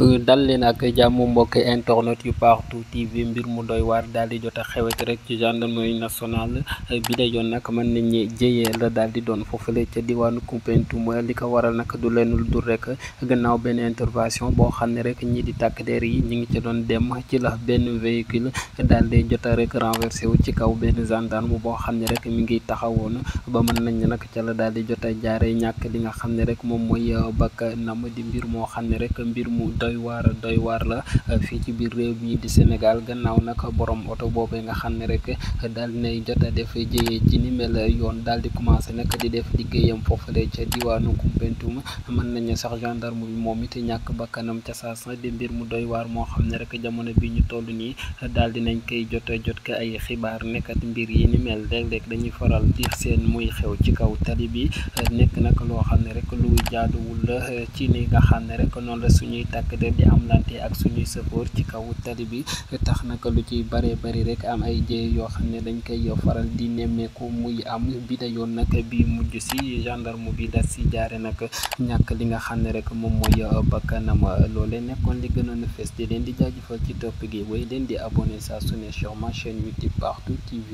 Euh, dal leen ak jàmm mbokk internet yu partout TV mbir mu doy waar daal di jot a xewet rek ci gendarmerie nationale euh, bi la yoon nag mën nañ ñi jëyee la daal di doon foofule ca diwaanu Koumpentoum euh, li ko waral nag du leen lu dul rek gannaaw benn intervention boo xam ne rek ñi di takk der yi ñi ngi ci doon dem ci la benn véhicule daal di jot a rek renversé wu ci kaw benn gendarme boo xam ne rek mi ngi taxawoon ba mën nañ nag ca la daal di jot a jaaree ñàkk li nga xam ne rek moom mooy bakkanam di mbir moo xam ne rek mbir mu. doy waar doy waar la euh, fii ci biir réew mi di Sénégal gannaaw nag borom oto boobee nga xam ne rek daal dinay jot a def jëyee ci ni mel yoon daal di commencé nag di def liggéeyam foofale ca diwaanu Koumpentoum mën nañu sax gendarme bi moom it ñàkk bakkanam ca saa sa di mbir mu doy waar moo xam ne rek jamono bi ñu toll nii daal nañ koy jot jot ko ay xibaar nekkat mbir yi ni mel léeg-léeg dañuy faral di seen muy xew ci kaw tali bi nekk nag loo xam ne rek lu jaaduwul takk der di amlante ak suñuy sëfoor ci kaw tali bi tax naka lu ci bare bari rek am ay jéey yoo xam ne dañ koy faral di nemmeeku muy am bi da yoon nag bi mujj si gendarme bi da si jaare nag ñàkk li nga xam ne rek moom mooy bakkanam loole nekkoon li gënoon a fees di leen di jaajëfal ci topp gi way leen di abonné saa su ne sur ma chaîne Partout TV